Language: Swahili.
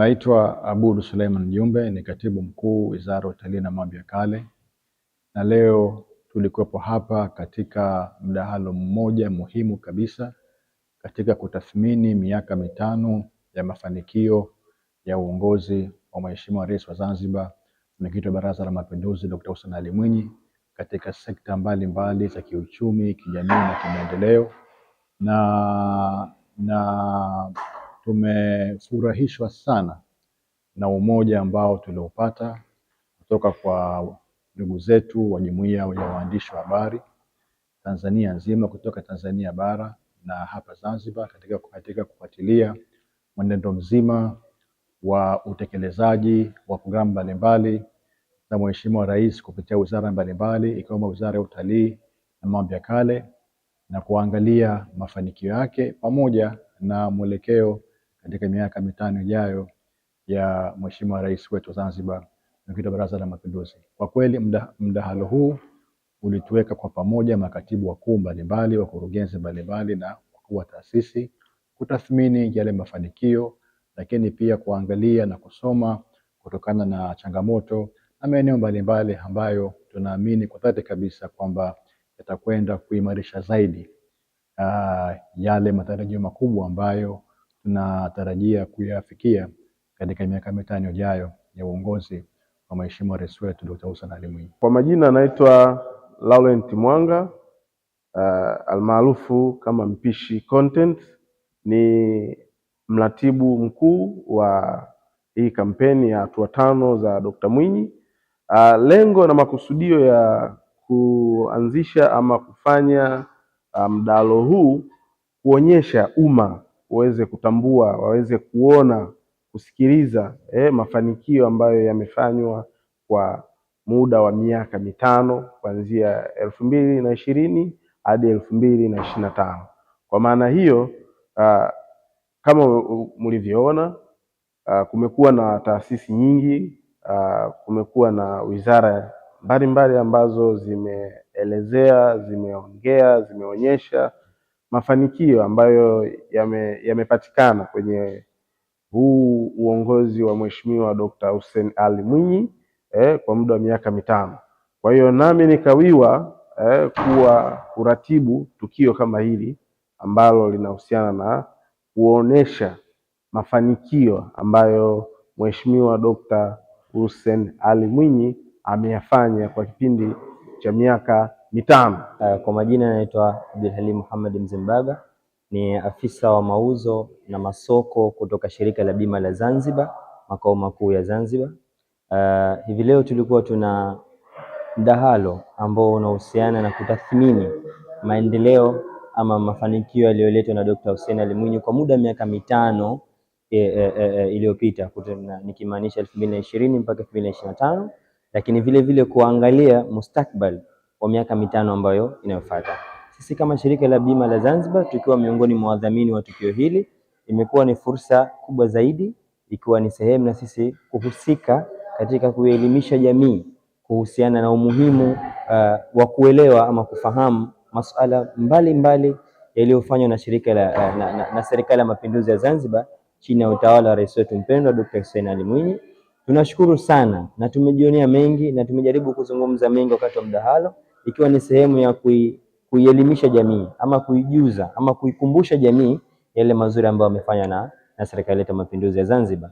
Naitwa Abudu Suleiman Jumbe, ni katibu mkuu Wizara ya Utalii na Mambo ya Kale, na leo tulikuwepo hapa katika mdahalo mmoja muhimu kabisa katika kutathmini miaka mitano ya mafanikio ya uongozi wa Mheshimiwa Rais wa Zanzibar, mwenyekiti wa Baraza la Mapinduzi, Dr. Hussein Ali Mwinyi katika sekta mbalimbali za kiuchumi, kijamii na kimaendeleo na na Tumefurahishwa sana na umoja ambao tuliopata kutoka kwa ndugu zetu wa jumuiya ya waandishi wa habari Tanzania nzima, kutoka Tanzania bara na hapa Zanzibar, katika katika kufuatilia mwenendo mzima wa utekelezaji wa programu mbalimbali za Mheshimiwa Rais kupitia wizara mbalimbali ikiwemo Wizara ya Utalii na Mambo ya Kale na kuangalia mafanikio yake pamoja na mwelekeo katika miaka mitano ijayo ya Mheshimiwa Rais wetu Zanzibar, mwenyekiti wa Baraza la Mapinduzi. Kwa kweli mdahalo huu ulituweka kwa pamoja makatibu wakuu mbalimbali, wakurugenzi mbalimbali na wakuu wa taasisi kutathmini yale mafanikio, lakini pia kuangalia na kusoma kutokana na changamoto na maeneo mbalimbali ambayo tunaamini kwa dhati kabisa kwamba yatakwenda kuimarisha zaidi uh, yale matarajio makubwa ambayo tunatarajia kuyafikia katika miaka mitano ijayo ya uongozi wa Mheshimiwa Rais wetu Dkt. Hussein Ali Mwinyi. Kwa majina anaitwa Laurent Mwanga uh, almaarufu kama Mpishi Content, ni mratibu mkuu wa hii kampeni ya hatua tano za dokta Mwinyi. Uh, lengo na makusudio ya kuanzisha ama kufanya uh, mdahalo um, huu kuonyesha umma uweze kutambua, waweze kuona, kusikiliza eh, mafanikio ambayo yamefanywa kwa muda wa miaka mitano kuanzia elfu mbili na ishirini hadi elfu mbili na ishirini na tano. Kwa maana hiyo uh, kama mlivyoona uh, ah, kumekuwa na taasisi nyingi uh, kumekuwa na wizara mbalimbali ambazo zimeelezea, zimeongea, zimeonyesha mafanikio ambayo yamepatikana yame kwenye huu uongozi wa Mheshimiwa Dr. Hussein Ali Mwinyi eh, kwa muda wa miaka mitano. Kwa hiyo nami nikawiwa eh, kuwa kuratibu tukio kama hili ambalo linahusiana na kuonesha mafanikio ambayo Mheshimiwa Dr. Hussein Ali Mwinyi ameyafanya kwa kipindi cha miaka Uh, Kwa majina naitwa Abdulhalim Muhammad Mzimbaga, ni afisa wa mauzo na masoko kutoka shirika la bima la Zanzibar, makao makuu ya Zanzibar. Uh, hivi leo tulikuwa tuna mdahalo ambao unahusiana na kutathmini maendeleo ama mafanikio yaliyoletwa na Dr. Hussein Ali Mwinyi kwa muda wa miaka mitano e, e, e, iliyopita nikimaanisha elfu mbili na ishirini mpaka 2025, lakini vile vile kuangalia mustakbal wa miaka mitano ambayo inayofuata. Sisi kama shirika la bima la Zanzibar tukiwa miongoni mwa wadhamini wa tukio hili, imekuwa ni fursa kubwa zaidi, ikiwa ni sehemu na sisi kuhusika katika kuelimisha jamii kuhusiana na umuhimu uh, wa kuelewa ama kufahamu masuala mbalimbali yaliyofanywa na shirika la, uh, na, na, na serikali ya mapinduzi ya Zanzibar chini ya utawala wa rais wetu mpendwa Dr. Hussein Ali Mwinyi. Tunashukuru sana na tumejionea mengi na tumejaribu kuzungumza mengi wakati wa mdahalo ikiwa ni sehemu ya kui, kuielimisha jamii ama kuijuza ama kuikumbusha jamii yale mazuri ambayo wamefanya na, na serikali yetu ya Mapinduzi ya Zanzibar.